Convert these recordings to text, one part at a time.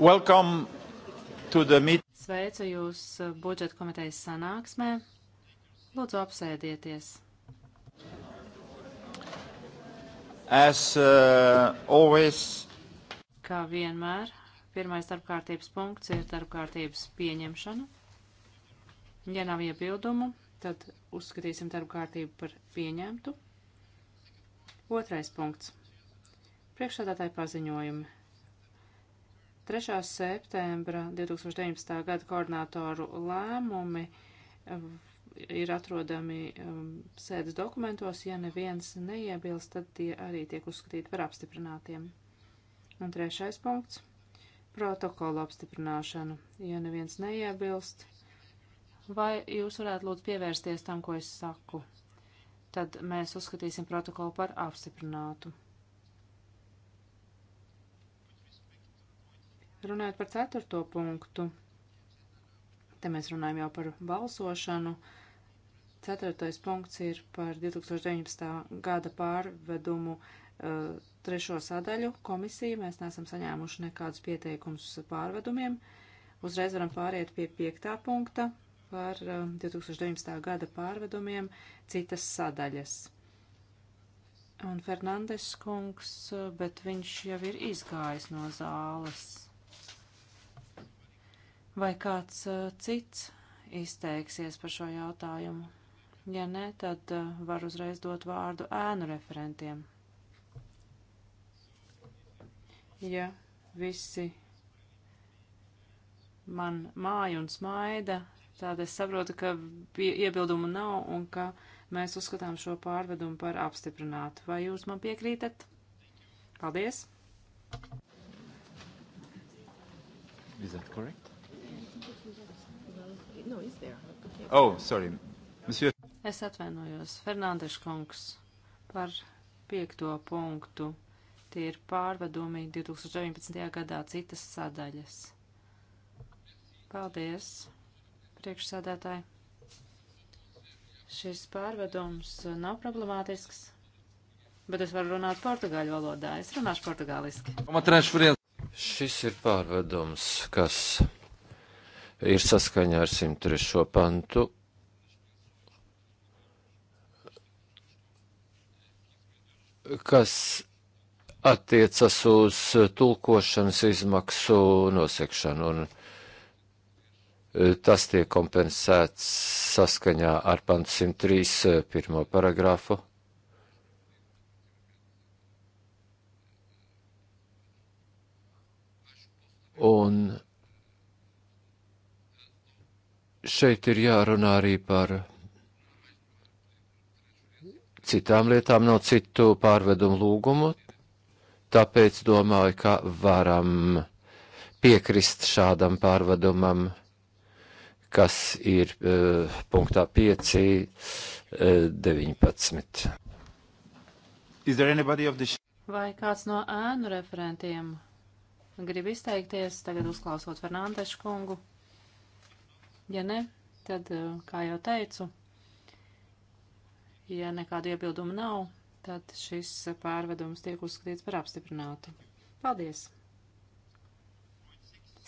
Welcome to the meet. Sveicu jūs uh, budžeta komitejas sanāksmē. Lūdzu, apsēdieties. As uh, always. Kā vienmēr, pirmais darbkārtības punkts ir darbkārtības pieņemšana. Ja nav iebildumu, tad uzskatīsim darbkārtību par pieņemtu. Otrais punkts. Priekšsādātāji paziņojumi. 3. septembra 2019. gada koordinātoru lēmumi eh, ir atrodami um, sēdes dokumentos. Ja neviens neiebilst, tad tie arī tiek uzskatīti par apstiprinātiem. Un trešais punkts - protokola apstiprināšana. Ja neviens neiebilst, vai jūs varētu lūdzu pievērsties tam, ko es saku, tad mēs uzskatīsim protokolu par apstiprinātu. Runājot par ceturto punktu, te mēs runājam jau par balsošanu. Ceturtais punkts ir par 2019. gada pārvedumu uh, trešo sadaļu komisiju. Mēs neesam saņēmuši nekādus pieteikumus pārvedumiem. Uzreiz varam pāriet pie piektā punkta par uh, eh, 2019. gada pārvedumiem citas sadaļas. Un Fernandes kungs, eh, bet viņš jau ir izgājis no zāles. Vai kāds uh, cits izteiksies par šo jautājumu? Ja nē, tad uh, var uzreiz dot vārdu ēnu referentiem. Ja visi man māja un smaida, tad es saprotu, ka iebildumu nav un ka mēs uzskatām šo pārvedumu par apstiprinātu. Vai jūs man piekrītat? Paldies! Is that correct? No, oh, sorry. Monsieur. Es atvainojos, Fernandeša kungs, par piekto punktu. Tie ir pārvedumi 2019. gadā citas sadaļas. Paldies, priekšsādātāji. Šis pārvedums nav problemātisks, bet es varu runāt portugāļu valodā. Es runāšu portugāliski. Šis ir pārvedums, kas ir saskaņā ar 103. pantu. kas attiecas uz tulkošanas izmaksu nosekšanu, un e, tas tiek kompensēts saskaņā ar pantu 103. E, pirmo paragrāfu. Un šeit ir jārunā arī par citām lietām, nav citu pārvedumu lūgumu, tāpēc domāju, ka varam piekrist šādam pārvedumam, kas ir uh, punktā 5, uh, 19. Vai kāds no ēnu referentiem grib izteikties, tagad uzklausot Fernandešu kungu? Ja ne, tad, eh, kā jau teicu, ja nekāda iebilduma nav, tad šis pārvedums tiek uzskatīts par apstiprinātu. Paldies!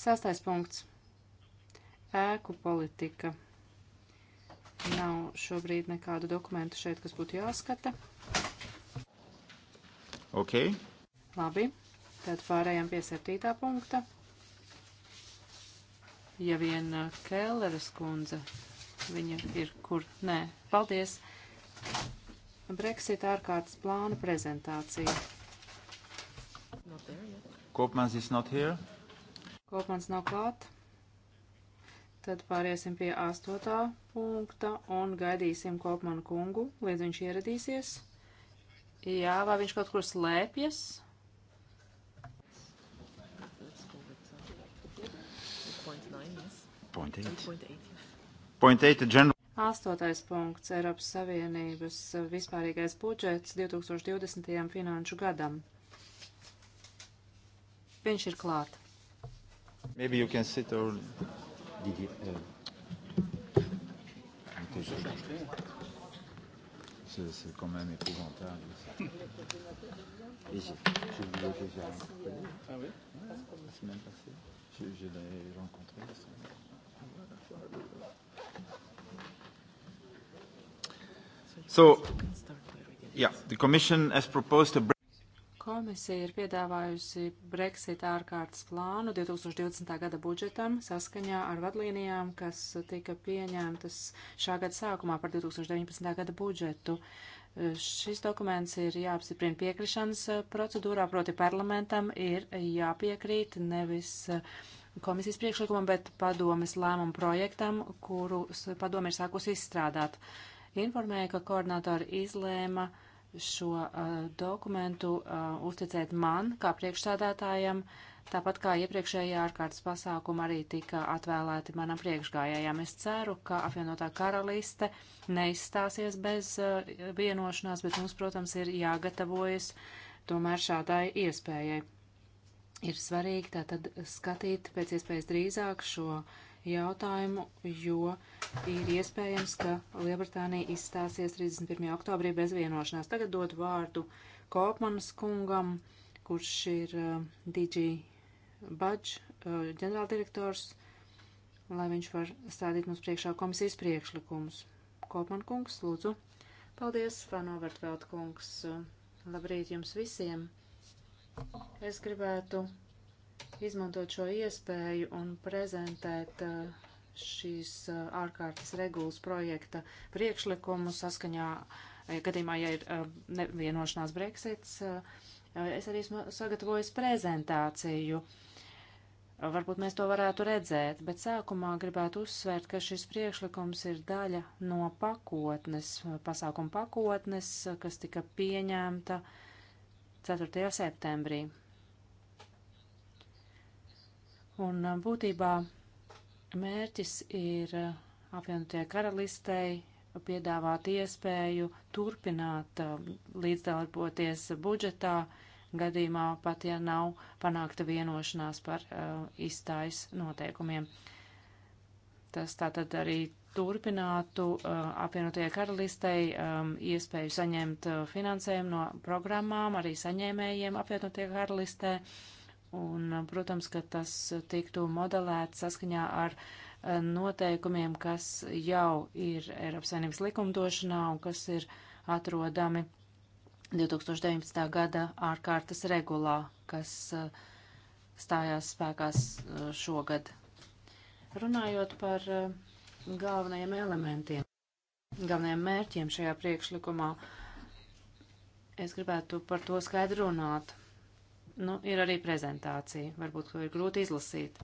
Sastais punkts. Ēku politika. Nav šobrīd nekādu dokumentu šeit, kas būtu jāskata. Ok. Labi, tad pārējām pie septītā punkta ja vien uh, Kelleres kundze, viņa ir kur? Nē, paldies. Brexit ārkārtas plāna prezentācija. Kopmans is not here. Kopmans nav klāt. Tad pāriesim pie astotā punkta un gaidīsim Kopmanu kungu, līdz viņš ieradīsies. Jā, vai viņš kaut kur slēpjas? Point eight. Point eight. Point eight general... Astotais punkts - Eiropas Savienības vispārīgais budžets 2020. finanšu gadam. Viņš ir klāt. Maybe you can sit or... Did you, uh... C'est quand même épouvantable. Ici. Je vous l'ai déjà rencontré. Ah oui ouais, La semaine passée. Je, je l'ai rencontré. La semaine. So, yeah, the Commission has proposed a Komisija ir piedāvājusi Brexit ārkārtas plānu 2020. gada budžetam saskaņā ar vadlīnijām, kas tika pieņemtas šā gada sākumā par 2019. gada budžetu. Šis dokuments ir jāapstiprina piekrišanas procedūrā, proti parlamentam ir jāpiekrīt nevis uh, komisijas priekšlikumam, bet padomes lēmumu projektam, kuru padome ir sākusi izstrādāt. Informēja, ka koordinātori izlēma šo uh, dokumentu uh, uzticēt man, kā priekšsādātājam, tāpat kā iepriekšējā ārkārtas pasākuma arī tika atvēlēti manam priekšgājējām. Es ceru, ka apvienotā karaliste neizstāsies bez uh, vienošanās, bet mums, protams, ir jāgatavojas tomēr šādai iespējai ir svarīgi tātad skatīt pēc iespējas drīzāk šo jautājumu, jo ir iespējams, ka Lielbritānija izstāsies 31. oktobrī bez vienošanās. Tagad dod vārdu Kopmanas kungam, kurš ir uh, DG Budž uh, ģenerāldirektors, lai viņš var stādīt mums priekšā komisijas priekšlikumus. Kopman kungs, lūdzu. Paldies, Fanovert Velt kungs. Labrīt jums visiem! Es gribētu izmantot šo iespēju un prezentēt uh, šīs uh, ārkārtas regulas projekta priekšlikumu saskaņā, eh, gadījumā, ja ir uh, nevienošanās Brexits. Es arī esmu sagatavojis prezentāciju. Varbūt mēs to varētu redzēt, bet sākumā gribētu uzsvērt, ka šis priekšlikums ir daļa no pakotnes, pasākuma pakotnes, kas tika pieņemta uh, 4. septembrī. Un būtībā mērķis ir apvienotie karalistei piedāvāt iespēju turpināt līdzdarboties budžetā gadījumā, pat ja nav panākta vienošanās par uh, izstājas noteikumiem. Tas tātad arī turpinātu uh, apvienotajai karalistei um, iespēju saņemt uh, finansējumu no programmām, arī saņēmējiem apvienotajai karalistē. Un, uh, protams, ka tas tiktu modelēts saskaņā ar uh, noteikumiem, kas jau ir Eiropas Savienības likumdošanā un kas ir atrodami 2019. gada ārkārtas regulā, kas uh, stājās spēkās uh, šogad. Runājot par uh, galvenajiem elementiem, galvenajiem mērķiem šajā priekšlikumā. Es gribētu par to skaidri runāt. Nu, ir arī prezentācija, varbūt, ko ir grūti izlasīt.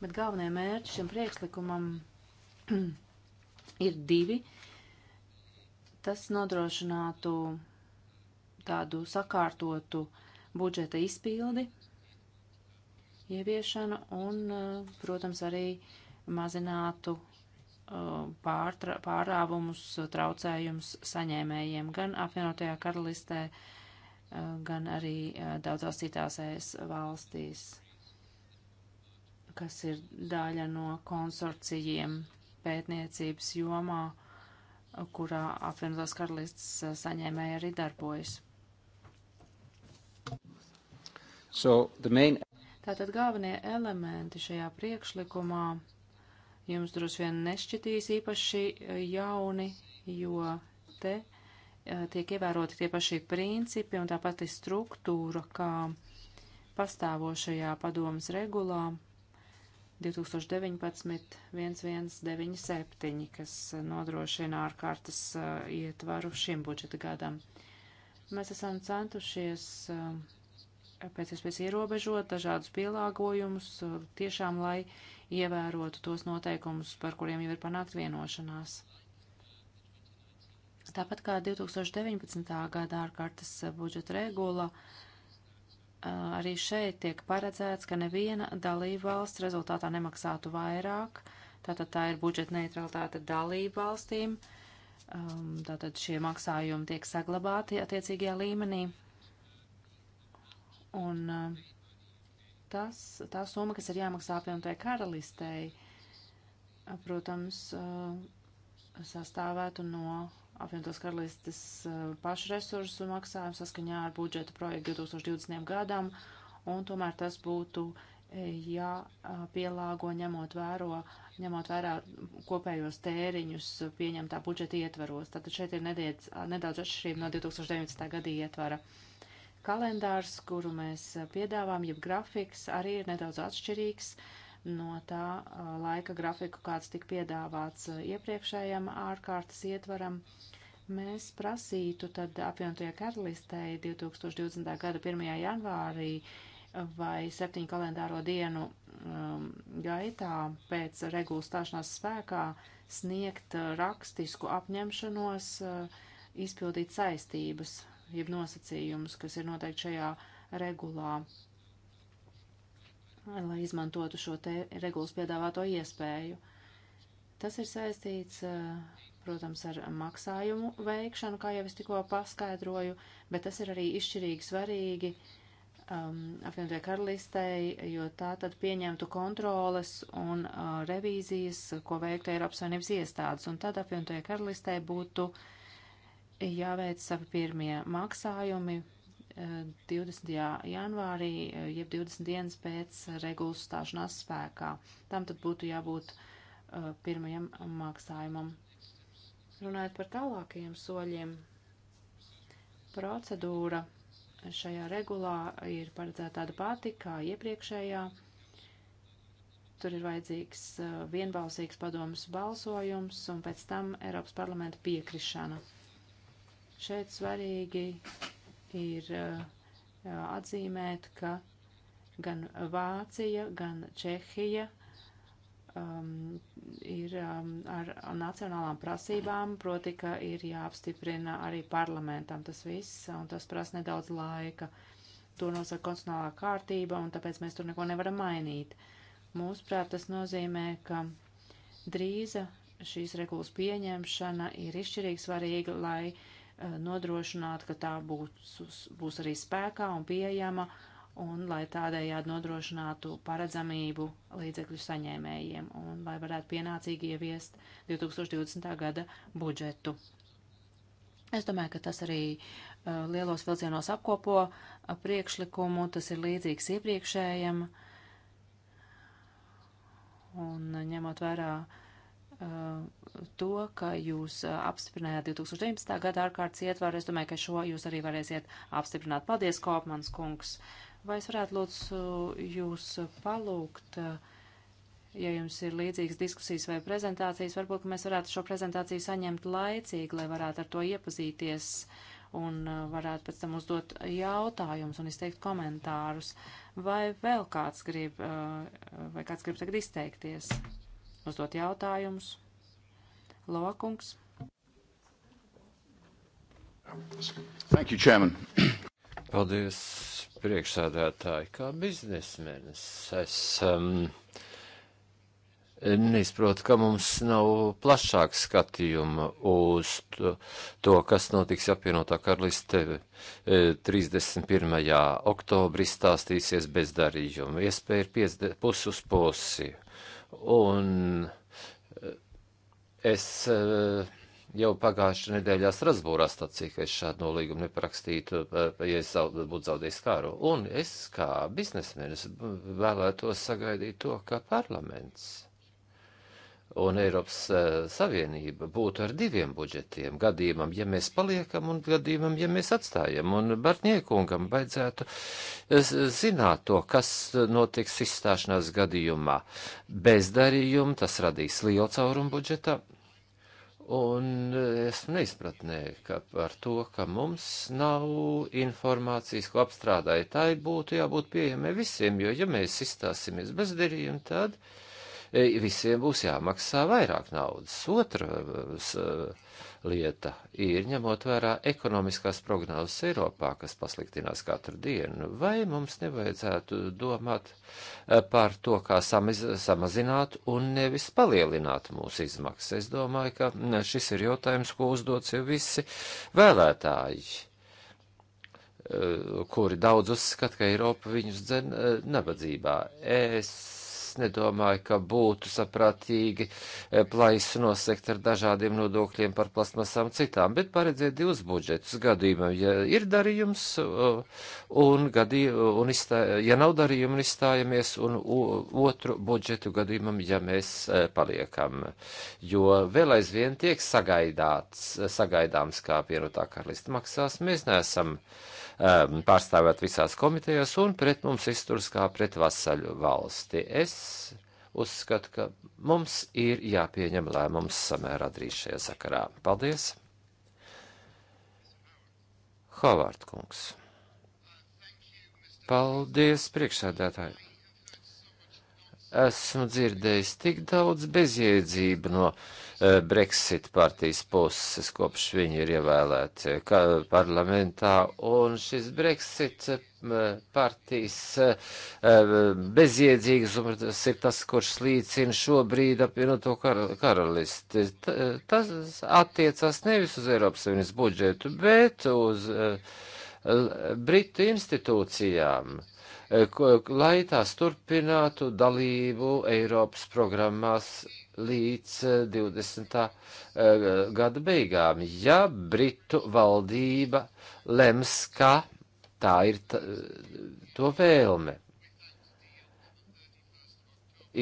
Bet galvenie mērķi šim priekšlikumam ir divi. Tas nodrošinātu tādu sakārtotu budžeta izpildi, ieviešanu un, eh, protams, arī uh, mazinātu uh, pārtra, pārāvumus, traucējumus saņēmējiem gan apvienotajā karalistē, uh, gan arī uh, daudzās citās ES valstīs, kas ir daļa no konsorcijiem pētniecības jomā, kurā apvienotās karalistes saņēmēji arī darbojas. So main... Tātad galvenie elementi šajā priekšlikumā jums droši vien nešķitīs īpaši e, jauni, jo te e, tiek ievēroti tie paši principi un tā pati struktūra, kā pastāvošajā padomas regulā 2019.1197, kas e, nodrošina ārkārtas ietvaru šim budžeta gadam. Mēs esam centušies pēc iespējas ierobežot dažādus pielāgojumus, tiešām lai ievērotu tos noteikumus, par kuriem jau ir panākt vienošanās. Tāpat kā 2019. gada ārkārtas budžeta regula, arī šeit tiek paredzēts, ka neviena dalība valsts rezultātā nemaksātu vairāk, tātad tā ir budžeta neutralitāte dalība valstīm, tātad šie maksājumi tiek saglabāti attiecīgajā līmenī. Un uh, tas, tā summa, kas ir jāmaksā apvienotai karalistei, protams, eh, sastāvētu no apvienotās karalistes eh, pašu resursu maksājumu saskaņā ar budžeta projektu 2020. gadam, un tomēr tas būtu eh, jāpielāgo ņemot, vēro, ņemot vērā kopējos tēriņus pieņemtā budžeta ietvaros. Tātad šeit ir nediedz, nedaudz atšķirība no 2019. gada ietvara. Uh, kalendārs, kuru mēs eh, piedāvājam, jeb grafiks, arī ir nedaudz atšķirīgs no tā eh, laika grafiku, kāds tika piedāvāts eh, iepriekšējam ārkārtas ietvaram. Mēs prasītu tad apvienotajā karalistei 2020. gada 1. janvārī vai septiņu kalendāro dienu um, gaitā pēc regulas stāšanās spēkā sniegt rakstisku apņemšanos uh, izpildīt saistības jeb nosacījumus, kas ir noteikti šajā regulā, lai izmantotu šo te regulas piedāvāto iespēju. Tas ir saistīts, eh, protams, ar maksājumu veikšanu, kā jau es tikko paskaidroju, bet tas ir arī izšķirīgi svarīgi um, apvienotie karalistei, jo tā tad pieņemtu kontroles un uh, revīzijas, ko veiktu Eiropas Savienības iestādes, un tad apvienotie karalistei būtu uh, jāveic savi pirmie maksājumi 20. Eh, janvārī, eh, jeb 20 dienas pēc regulas stāšanās spēkā. Tam tad būtu jābūt eh, pirmajam maksājumam. Runājot par tālākajiem soļiem, procedūra šajā regulā ir paredzēta tāda pati kā iepriekšējā. Tur ir vajadzīgs vienbalsīgs padomus balsojums un pēc tam Eiropas parlamenta piekrišana. Šeit svarīgi ir eh, atzīmēt, ka gan Vācija, gan Čehija um, ir um, ar nacionālām prasībām, proti, ka ir jāapstiprina arī parlamentam tas viss, un tas prasa nedaudz laika. To nosaka konstitucionālā kārtība, un tāpēc mēs tur neko nevaram mainīt. Mūsuprāt, tas nozīmē, ka drīza šīs regulas pieņemšana ir izšķirīgi svarīga, lai uh, Eh, nodrošināt, ka tā būs, būs arī spēkā un pieejama, un lai tādējādi nodrošinātu paredzamību līdzekļu saņēmējiem, un lai varētu pienācīgi ieviest 2020. gada budžetu. Es domāju, ka tas arī uh, lielos vilcienos apkopo uh, priekšlikumu, tas ir līdzīgs iepriekšējam, un uh, ņemot vērā uh, Uh, to, ka jūs uh, apstiprinājāt 2019. gada ārkārtas ietvaru. Es domāju, ka šo jūs arī varēsiet apstiprināt. Paldies, Kopmans kungs! Vai es varētu lūdzu jūs palūgt, uh, ja jums ir līdzīgas diskusijas vai prezentācijas, varbūt mēs varētu šo prezentāciju saņemt laicīgi, lai varētu ar to iepazīties un varētu pēc tam uzdot jautājumus un izteikt komentārus. Vai vēl kāds grib, vai kāds grib tagad izteikties? uzdot jautājumus. Lokungs. Thank you, Chairman. Paldies, priekšsādātāji, kā biznesmenis. Es um, neizprotu, ka mums nav plašāk skatījuma uz to, to kas notiks apvienotā karaliste 31. E, oktobrī stāstīsies bezdarījumu. Iespēja ir pus uz posi. Un eh, es eh, jau pagājušajā nedēļā Strasbūrā stācīju, ka es šādu nolīgumu neprakstītu, eh, ja es būtu zaudējis kāru. Un es kā biznesmenis vēlētos sagaidīt to, ka parlaments un Eiropas uh, Savienība būtu ar diviem budžetiem - gadījumam, ja mēs paliekam un gadījumam, ja mēs atstājam. Un Bartniekungam vajadzētu eh, zināt to, kas notiks izstāšanās gadījumā. Bez darījuma tas radīs lielu caurumu budžetā. Un eh, esmu neizpratnē ka par to, ka mums nav informācijas, ko apstrādāja. Tā būtu jābūt pieejamai visiem, jo ja mēs izstāsimies bezdarījumi, tad. Uh, E, visiem būs jāmaksā vairāk naudas. Otrs lieta ir ņemot vērā ekonomiskās prognozes Eiropā, kas pasliktinās katru dienu. Vai mums nevajadzētu domāt e, par to, kā samiz, samazināt un nevis palielināt mūsu izmaksas? Es domāju, ka šis ir jautājums, ko uzdots jau visi vēlētāji e, kuri daudz uzskata, ka Eiropa viņus dzen nabadzībā. Es nedomāju, ka būtu saprātīgi eh, plaisu nosekt ar dažādiem nodokļiem par plasmasām citām, bet paredzēt divus budžetus gadījumam, ja ir darījums eh, un, gadī, un izstā, ja nav darījuma un izstājamies, un otru budžetu gadījumam, ja mēs eh, paliekam. Jo vēl aizvien tiek sagaidāts, sagaidāms, kā pienotā karalista maksās, mēs neesam. Uh, um, pārstāvēt visās komitejās un pret mums izturas kā pret vasaļu valsti. Es uzskatu, ka mums ir jāpieņem lēmums samērā drīz šajā sakarā. Paldies! Havārd kungs. Paldies, priekšsēdētāji! Esmu dzirdējis tik daudz bezjēdzību no uh, Eh, Brexit partijas puses, kopš viņi ir ievēlēti eh, parlamentā, un šis Brexit eh, partijas bezjēdzīgums ir tas, kurš līdzina šobrīd apvienoto kar karalisti. Tas attiecās nevis uz Eiropas Savienības budžetu, bet uz uh, Britu institūcijām, eh, lai tās turpinātu dalību Eiropas programmās līdz 20. Eh, eh, gada beigām. Ja Britu valdība lems, ka tā ir tā, to vēlme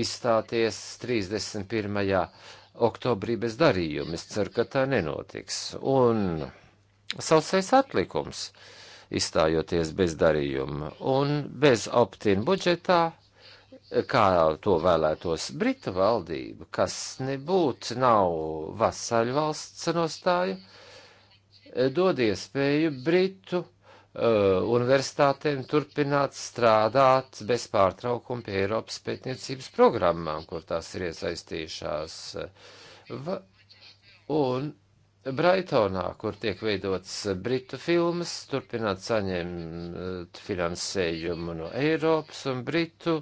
izstāties 31. oktobrī bez darījuma. Es ceru, ka tā nenotiks. Un sausais atlikums. Uh, izstājoties bez darījuma. Un bez optīna budžetā, kā to vēlētos Britu valdība, kas nebūtu nav vasaļu valsts nostāja, dod iespēju Britu uh, universitātēm turpināt strādāt bez pārtraukuma pie Eiropas pētniecības programmām, kur tās ir iesaistījušās. Va un Braitonā, kur tiek veidots Britu filmas, turpināt saņemt eh, finansējumu no Eiropas un Britu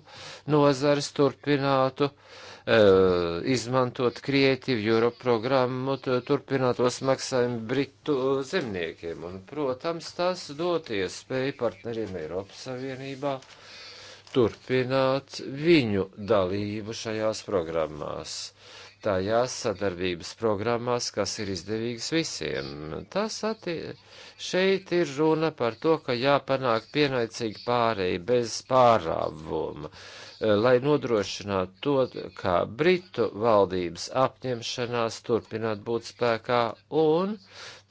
nozars turpinātu uh, izmantot Creative Europe programmu, turpinātos maksājumu Britu zemniekiem. Un, protams, tas dot iespēju partneriem Eiropas Savienībā turpināt viņu dalību šajās programmās. Uh, tajās sadarbības programmās, kas ir izdevīgas visiem. Tas atti šeit ir runa par to, ka jāpanāk pienaicīgi pārēji bez pārāvuma. Eh, lai nodrošinātu to, kā Britu valdības apņemšanās turpināt būt spēkā un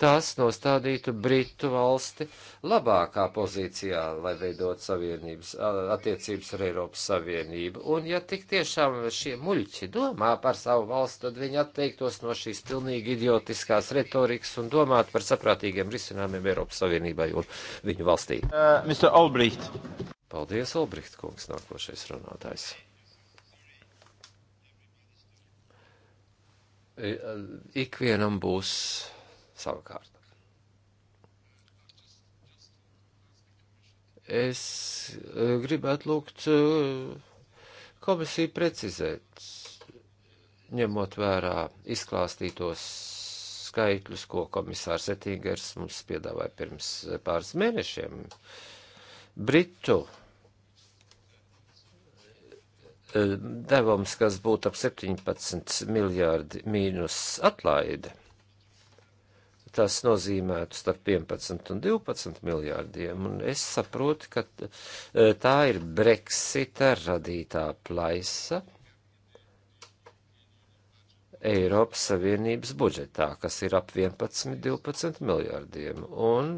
tas nostādītu Britu valsti labākā pozīcijā, lai veidot savienības, attiecības ar Eiropas Savienību. Un ja tik tiešām šie muļķi domā par savu valsti, tad viņi atteiktos no šīs pilnīgi idiotiskās retorikas un domātu par saprātīgiem risinājumiem Eiropas Savienībai un viņu valstī. Uh, Paldies, Olbricht kungs, nākošais runātājs. Ikvienam būs sava kārta. Es eh, gribētu lūgt eh, komisiju precizēt, ņemot vērā izklāstītos skaitļus, ko komisārs Ettingers mums piedāvāja pirms eh, pāris mēnešiem. Uh, Britu e, devums, kas būtu ap 17 miljārdi mīnus atlaide, tas nozīmētu starp 11 un 12 miljārdiem, un es saprotu, ka e, tā ir Brexita radītā plaisa Eiropas Savienības budžetā, kas ir ap 11, 12 miljārdiem, un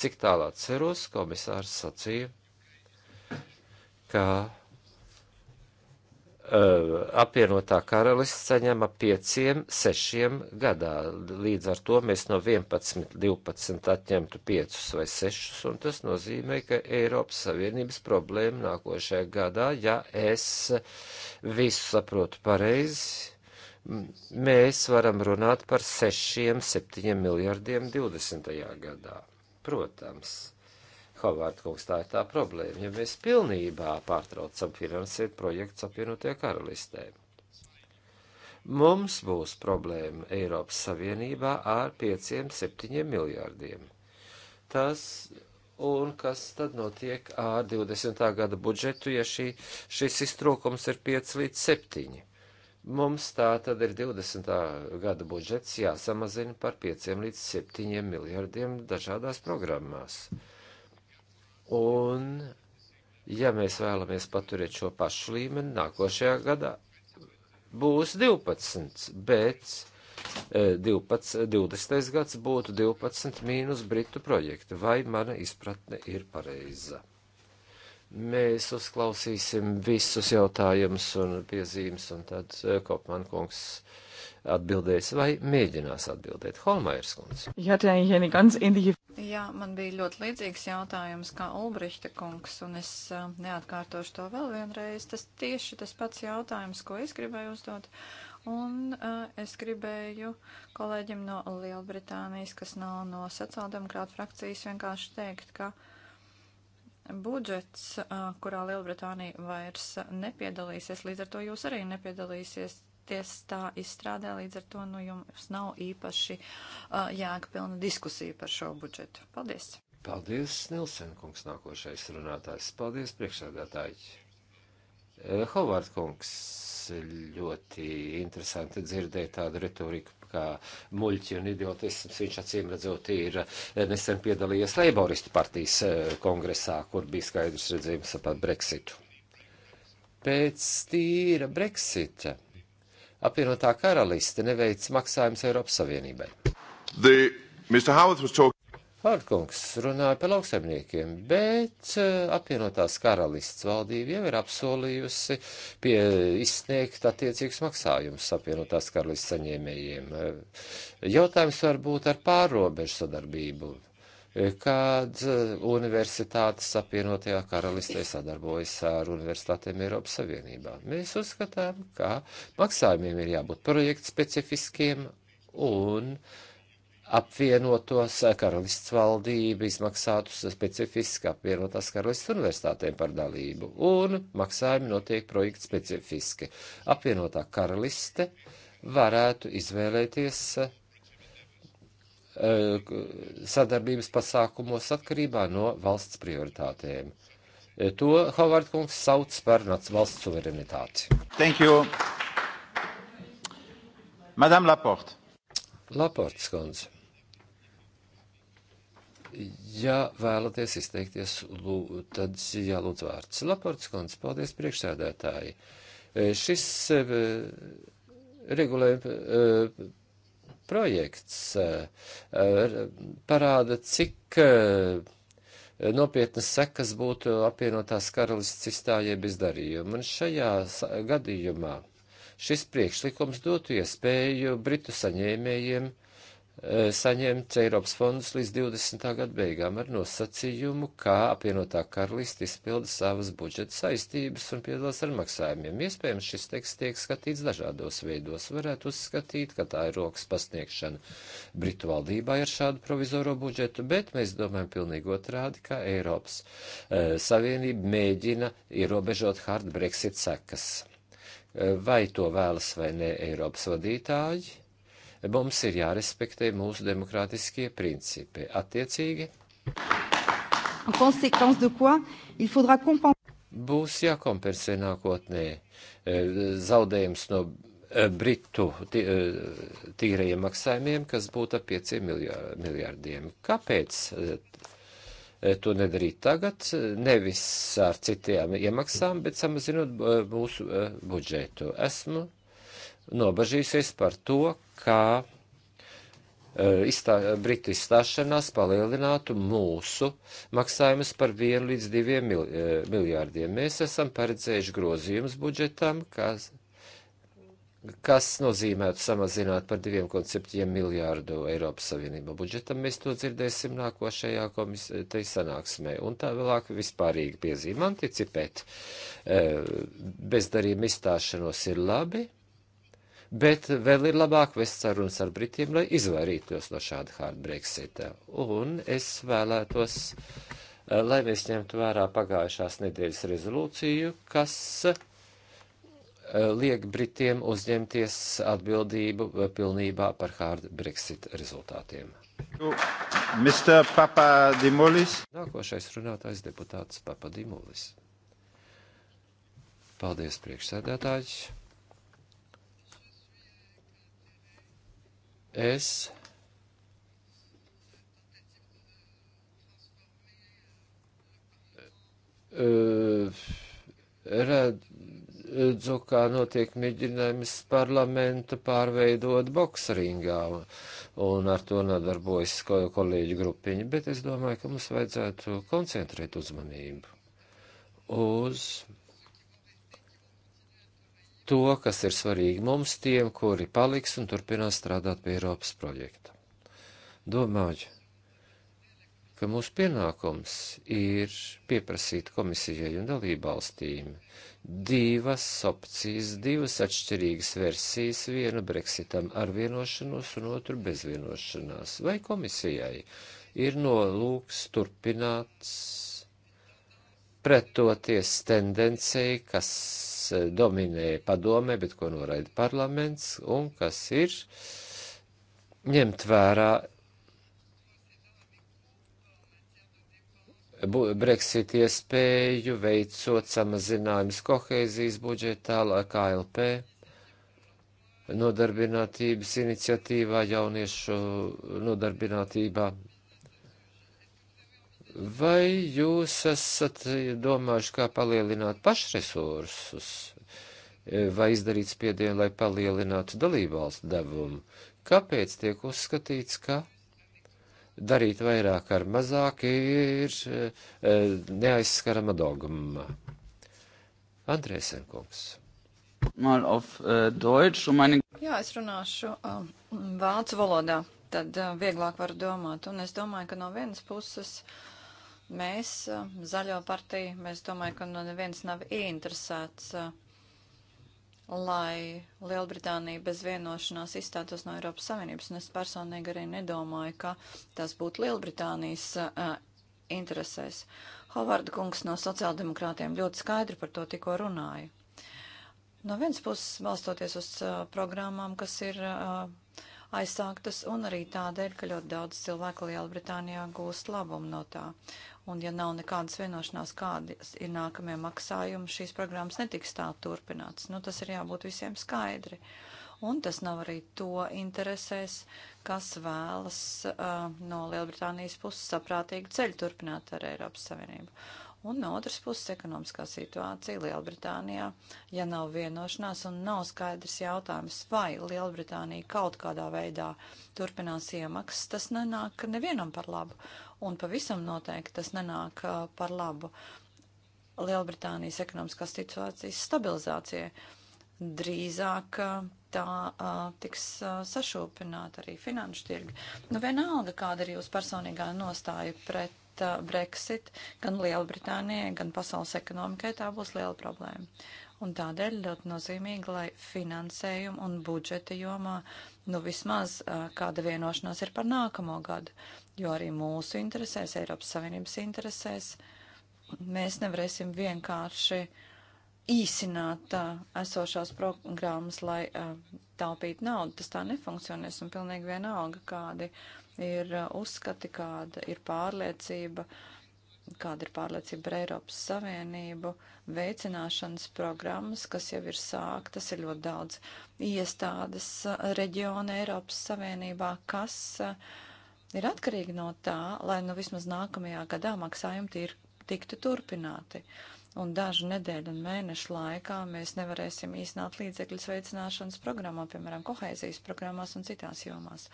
Cik tālā ceros, komisārs sacīja, ka Uh, apvienotā karalists saņem ap 5, 6 gadā. Līdz ar to mēs no 11, 12 atņemtu 5 vai 6, un tas nozīmē, ka Eiropas Savienības problēma nākošajā gadā, ja es visu saprotu pareizi, mēs varam runāt par 6, 7 miljardiem 20. gadā. Protams, Hovārda kungs, tā ir tā problēma, ja mēs pilnībā pārtraucam finansēt projekts apvienotie karalistē. Mums būs problēma Eiropas Savienībā ar 5-7 miljārdiem. Tas un kas tad notiek ar 20. gada budžetu, ja šī, šis iztrūkums ir 5 līdz 7. Mums tā tad ir 20. gada budžets jāsamazina par 5 līdz 7 miljardiem dažādās programmās. Un, ja mēs vēlamies paturēt šo pašu līmeni, nākošajā gadā būs 12, bet 12, e, 20. gads būtu 12 mīnus britu projekti. Vai mana izpratne ir pareiza? Mēs uzklausīsim visus jautājumus un piezīmes, un tad eh, Kopman kungs atbildēs vai mēģinās atbildēt. Holmairs kungs. Jā, man bija ļoti līdzīgs jautājums kā Ulbrihta kungs, un es eh, neatkārtošu to vēl vienreiz. Tas tieši tas pats jautājums, ko es gribēju uzdot. Un uh, es gribēju kolēģim no Lielbritānijas, kas nav no sociāldemokrāta frakcijas, vienkārši teikt, ka uh, budžets, kurā Lielbritānija vairs nepiedalīsies, līdz ar to jūs arī nepiedalīsies. Ties tā izstrādē, līdz ar to nu, jums nav īpaši uh, jēgpilna diskusija par šo budžetu. Paldies! Paldies, Nilsen kungs, nākošais runātājs. Paldies, priekšsēdētāji! Eh, Hovards kungs, ļoti interesanti dzirdēt tādu retoriku, kā muļķi un idiotisms. Viņš acīm redzot ir eh, nesen piedalījies Leiboristu partijas eh, kongresā, kur bija skaidrs redzējums par Brexitu. Pēc tīra Brexita apvienotā karaliste neveic maksājums Eiropas Savienībai. The... Talking... Vārdkungs runāja par lauksaimniekiem, bet eh, apvienotās karalists valdība jau ir apsolījusi pie izsniegt attiecīgus maksājumus apvienotās karalists saņēmējiem. Eh, jautājums var būt ar pārobežu sadarbību eh, kad universitātes apvienotajā karalistē sadarbojas ar universitātēm Eiropas Savienībā. Mēs uzskatām, ka maksājumiem ir jābūt projekta specifiskiem un uh, apvienotos karalists valdība izmaksātu specifiski apvienotās karalists universitātēm par dalību, un maksājumi notiek projekta specifiski. Apvienotā karaliste varētu izvēlēties eh, sadarbības pasākumos atkarībā no valsts prioritātēm. Eh, to Havard kungs sauc par valsts suverenitāti. Thank you. Madame Laporte. Laporte skundze ja vēlaties izteikties, lū, tad jālūdz vārds. Laports kundze, paldies priekšsēdētāji. E, šis e, regulējuma e, projekts parāda, cik nopietnas sekas būtu apvienotās karalists izstājai bez darījuma. Un šajā gadījumā šis priekšlikums dotu iespēju Britu saņēmējiem uh, Eh, saņemt Eiropas fondus līdz 20. gada beigām ar nosacījumu, ka apvienotā karalista izpilda savas budžeta saistības un piedalās ar maksājumiem. Iespējams, šis teksts tiek skatīts dažādos veidos. Varētu uzskatīt, ka tā ir rokas pasniegšana Britu valdībai ar šādu provizoro budžetu, bet mēs domājam pilnīgi otrādi, ka Eiropas e, Savienība mēģina ierobežot hard Brexit sekas. E, vai to vēlas vai nē Eiropas vadītāji? mums ir jārespektē mūsu demokrātiskie principi. Attiecīgi. Būs jākompensē nākotnē e, zaudējums no e, britu e, tīrajiem maksājumiem, kas būtu ap 5 miljārdiem. Kāpēc to nedarīt tagad, nevis ar citiem iemaksām, bet samazinot mūsu budžetu? Esmu nobažījusies par to, kā eh, izstā, Britu izstāšanās palielinātu mūsu maksājumus par 1 līdz 2 mil, eh, miljārdiem. Mēs esam paredzējuši grozījumus budžetam, kas, kas nozīmētu samazināt par 2,7 miljārdu Eiropas Savienību budžetam. Mēs to dzirdēsim nākošajā komitejas sanāksmē. Un tā vēlāk vispārīgi piezīme anticipēt eh, bezdarījuma izstāšanos ir labi bet vēl ir labāk vest sarunas ar Britiem, lai izvairītos no šāda hard Brexita. Un es vēlētos, eh, lai mēs ņemtu vērā pagājušās nedēļas rezolūciju, kas eh, liek Britiem uzņemties atbildību eh, pilnībā par hard Brexit rezultātiem. Mr. Papadimulis. Nākošais runātājs deputāts Papadimulis. Paldies, priekšsēdētājs. es eh, redzu, kā notiek mēģinājums parlamentu pārveidot boksringā, un ar to nodarbojas kolēģi grupiņa, bet es domāju, ka mums vajadzētu koncentrēt uzmanību uz to, kas ir svarīgi mums, tiem, kuri paliks un turpinās strādāt pie Eiropas projekta. Domāju, ka mūsu pienākums ir pieprasīt komisijai un dalībvalstīm divas opcijas, divas atšķirīgas versijas, vienu Brexitam ar vienošanos un otru bez vienošanās. Vai komisijai ir nolūks turpināts pretoties tendencei, kas eh, dominē padomē, bet ko noraida parlaments, un kas ir ņemt vērā Brexit iespēju, veicot samazinājumus kohēzijas budžetā, KLP, nodarbinātības iniciatīvā, jauniešu nodarbinātībā Vai jūs esat eh, domājuši, kā palielināt pašresursus, eh, vai izdarīt spiedienu, lai palielinātu dalībvalstu devumu? Kāpēc tiek uzskatīts, ka darīt vairāk ar mazāk ir eh, neaizskarama dogma? Andrēsen kungs. Mal auf uh, Deutsch un um mani. Jā, es runāšu uh, vācu valodā, tad uh, vieglāk varu domāt. Un es domāju, ka no vienas puses. Uh, Mēs, Zaļo partiju, mēs domāju, ka nu neviens nav ieinteresēts, lai Lielbritānija bez vienošanās izstātos no Eiropas Savienības. Un es personīgi arī nedomāju, ka tas būtu Lielbritānijas interesēs. Hovarda kungs no sociāldemokrātiem ļoti skaidri par to tikko runāja. No vienas puses, balstoties uz uh, programmām, kas ir uh, aizsāktas, un arī tādēļ, ka ļoti daudz cilvēku Lielbritānijā gūst labumu no tā. Un ja nav nekādas vienošanās, kādas ir nākamie maksājumi, šīs programmas netiks tā turpināts. Nu, tas ir jābūt visiem skaidri. Un tas nav arī to interesēs, kas vēlas uh, no Lielbritānijas puses saprātīgi ceļu turpināt ar Eiropas Savienību. Un no otras puses ekonomiskā situācija Lielbritānijā, ja nav vienošanās un nav skaidrs jautājums, vai Lielbritānija kaut kādā veidā turpinās iemaksas, tas nenāk nevienam par labu un pavisam noteikti tas nenāk par labu Lielbritānijas ekonomiskās situācijas stabilizācijai. Drīzāk tā a, tiks sašūpināta arī finanšu tirgi. Nu, vienalga, kāda ir jūsu personīgā nostāja pret a, Brexit, gan Lielbritānijai, gan pasaules ekonomikai, tā būs liela problēma. Un tādēļ ļoti nozīmīgi, lai finansējumu un budžeta jomā nu vismaz kāda vienošanās ir par nākamo gadu, jo arī mūsu interesēs, Eiropas Savienības interesēs, mēs nevarēsim vienkārši īsināt uh, esošās programmas, lai uh, taupītu naudu. Tas tā nefunkcionēs un pilnīgi vienalga, kādi ir uh, uzskati, kāda ir pārliecība. Uh, kāda ir pārliecība par Eiropas Savienību, veicināšanas programmas, kas jau ir sāktas, ir ļoti daudz iestādes reģiona Eiropas Savienībā, kas ir atkarīgi no tā, lai nu vismaz nākamajā gadā maksājumi tīr, tiktu turpināti. Uh, un dažu nedēļu un mēnešu laikā mēs nevarēsim īstenāt līdzekļus veicināšanas programmā, piemēram, kohēzijas programmās un citās jomās.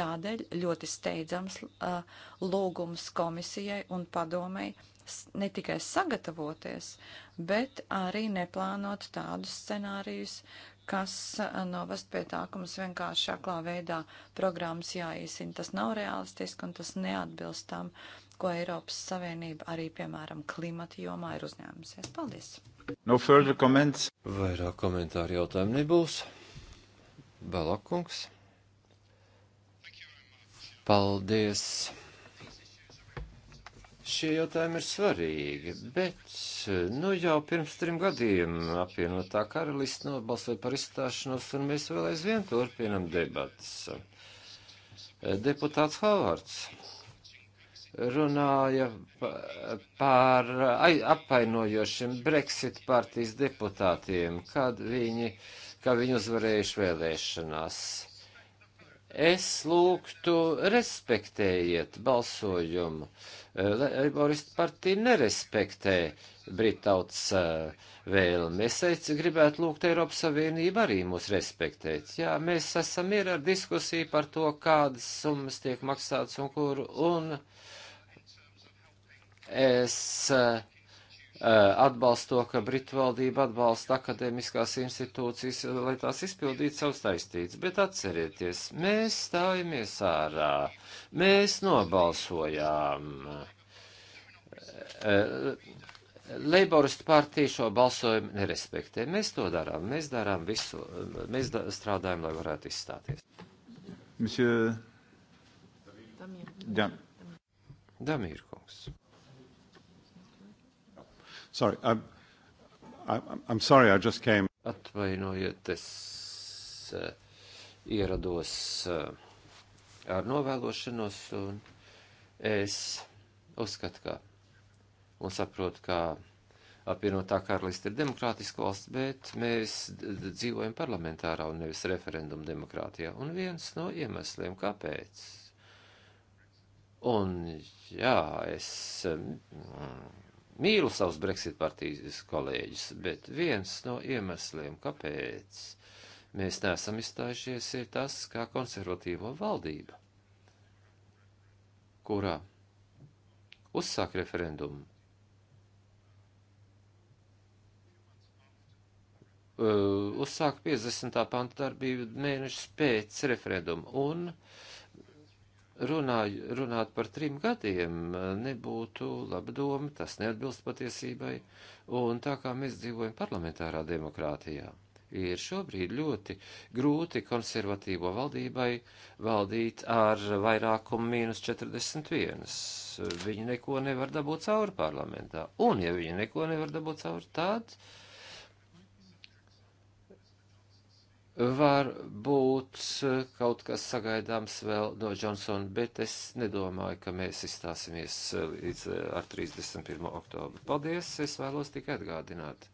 Tādēļ ļoti steidzams uh, lūgums komisijai un padomei ne tikai sagatavoties, bet arī neplānot tādus scenārijus, kas uh, novest pie tā, ka mums vienkārši šaklā veidā programmas jāīsina. Tas nav realistiski un tas neatbilst tam, uh, ko Eiropas Savienība arī, piemēram, klimata jomā ir uzņēmusies. Paldies! No further comments. Vairāk komentāru jautājumu nebūs. Balakungs. Paldies! Šie jautājumi ir svarīgi, bet nu jau pirms trim gadiem apvienotā karalista nobalsoja par izstāšanos, un mēs vēl aizvien turpinam debatas. Deputāts Havārds runāja par apvainojošiem Brexit partijas deputātiem, kad viņi, ka viņi uzvarējuši vēlēšanās. Es lūgtu respektējiet balsojumu. E, Laboristu partija nerespektē Britauts e, vēlmi. Es gribētu lūgt Eiropas Savienību arī mūs respektēt. Jā, mēs esam ir ar diskusiju par to, kādas summas tiek maksātas un kur, un uh, Es uh, atbalstu to, ka Britu valdība atbalsta akadēmiskās institūcijas, lai tās izpildītu savus taistītas, bet atcerieties, mēs stājamies ārā, mēs nobalsojām. Uh, Leiboristu partija šo balsojumu nerespektē. Mēs to darām. Mēs darām visu. Mēs da strādājam, lai varētu izstāties. Monsieur... Damīr. Damīr kungs. Sorry, I'm, I'm, I'm sorry, I just came. Atvainojiet, es uh, ierados uh, ar novēlošanos, un es uzskatu, ka un saprotu, ka apvienotā karalista ir demokrātiska valsts, bet mēs dzīvojam parlamentārā un nevis referenduma demokrātijā. Un viens no iemesliem, kāpēc. Un jā, es. Mm, mīlu savus Brexit partijas kolēģus, bet viens no iemesliem, kāpēc mēs neesam izstājušies, ir tas, kā konservatīvo valdība, kurā uzsāk referendumu. Eh, uzsāk 50. panta darbību mēnešus pēc referendumu un uh, runāju, runāt par trim gadiem nebūtu laba doma, tas neatbilst patiesībai, un tā kā mēs dzīvojam parlamentārā demokrātijā, ir šobrīd ļoti grūti konservatīvo valdībai valdīt ar vairākumu mīnus 41. Viņi neko nevar dabūt cauri parlamentā, un ja viņi neko nevar dabūt cauri, tad. Uh, var būt eh, kaut kas sagaidāms vēl no Johnsona, bet es nedomāju, ka mēs izstāsimies eh, līdz eh, ar 31. oktobru. Paldies! Es vēlos tikai atgādināt,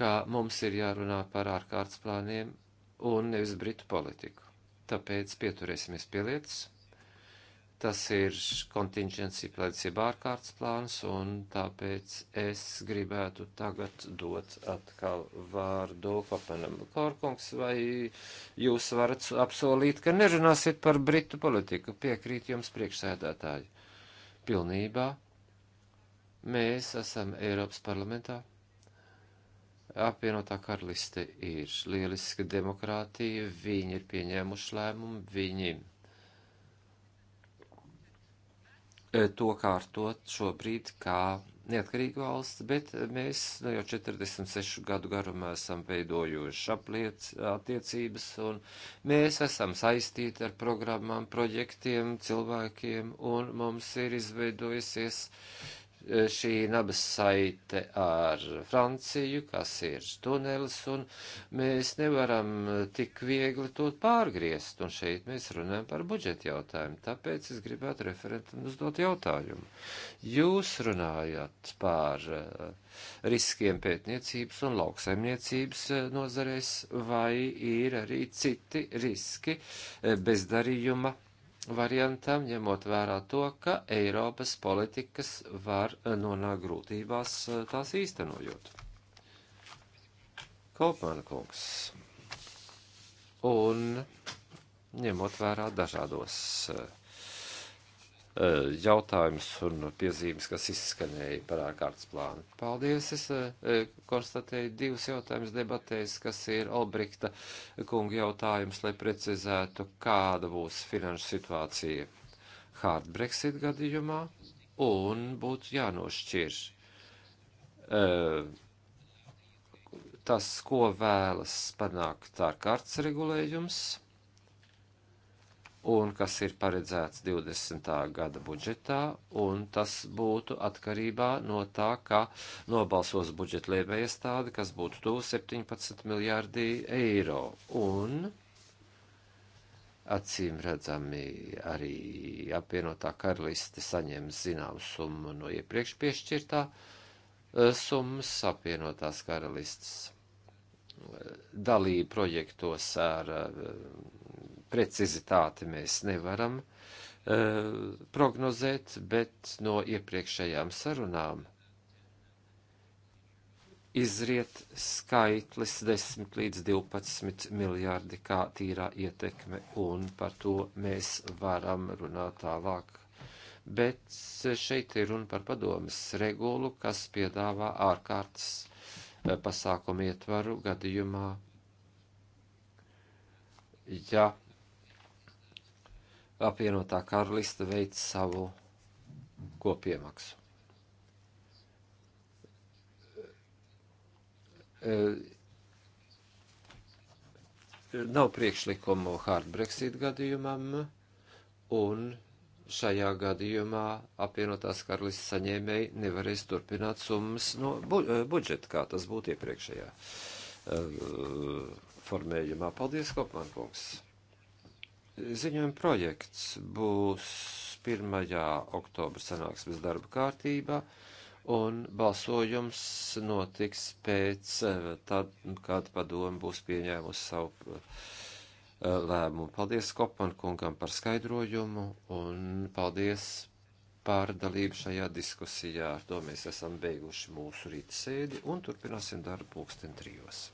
ka mums ir jārunā par ārkārtas plāniem un nevis Britu politiku. Tāpēc pieturēsimies pie lietas Tas ir contingency plans, jeb ārkārtas plāns, un tāpēc es gribētu tagad dot atkal vārdu Kopenam Korkungs, vai jūs varat apsolīt, ka nerunāsiet par Britu politiku, piekrīt jums priekšsēdētāji. Pilnībā mēs esam Eiropas parlamentā apvienotā karaliste ir lieliska demokrātija, viņi ir pieņēmuši lēmumu, viņi Eh, to kārtot šobrīd kā neatkarīga valsts, bet eh, mēs nu, jau 46 gadu garumā esam veidojuši apliec, attiecības, un mēs esam saistīti ar programmām, projektiem, cilvēkiem, un mums ir izveidojusies uh, Eh, šī nabas saite ar Franciju, kas ir tunelis, un mēs nevaram eh, tik viegli to pārgriezt, un šeit mēs runājam par budžeta jautājumu, tāpēc es gribētu referentam uzdot jautājumu. Jūs runājat par eh, riskiem pētniecības un lauksaimniecības nozarēs, vai ir arī citi riski bezdarījuma variantam, ņemot vērā to, ka Eiropas politikas var eh, nonākt grūtībās eh, tās īstenojot. Kaupmana kungs. Un ņemot vērā dažādos uh, Eh, jautājumus un piezīmes, kas izskanēja par ārkārtas plānu. Paldies! Es eh, konstatēju divus jautājumus debatēs, kas ir Albrikta kunga jautājums, lai precizētu, kāda būs finanšu situācija hard Brexit gadījumā, un būtu jānošķir eh, tas, ko vēlas panākt ārkārtas regulējums un kas ir paredzēts 20. gada budžetā, un tas būtu atkarībā no tā, kā nobalsos budžeta lēmējiestāde, kas būtu tuvu 17 miljārdi eiro. Un acīm redzami arī apvienotā karaliste saņem zināmu summu no iepriekš piešķirtā eh, summas apvienotās karalistes eh, dalību projektos ar eh, precizitāti mēs nevaram uh, prognozēt, bet no iepriekšējām sarunām izriet skaitlis 10 līdz 12 miljārdi kā tīrā ietekme, un par to mēs varam runāt tālāk. Bet šeit ir runa par padomas regulu, kas piedāvā ārkārtas eh, pasākumu ietvaru gadījumā, ja apvienotā karalista veic savu kopiemaksu. E, nav priekšlikumu hard Brexit gadījumam, un šajā gadījumā apvienotās karalistas saņēmēji nevarēs turpināt summas no bu e, budžeta, kā tas būtu iepriekšējā uh, formējumā. Paldies, Kopmankungs! Ziņojuma projekts būs 1. oktobra sanāksmes darba kārtībā, un balsojums notiks pēc eh, tad, kad padoma būs pieņēmusi savu eh, lēmumu. Paldies Kopan kungam par skaidrojumu, un paldies par dalību šajā diskusijā. Ar to mēs esam beiguši mūsu rīta sēdi un turpināsim darbu pulksten trijos.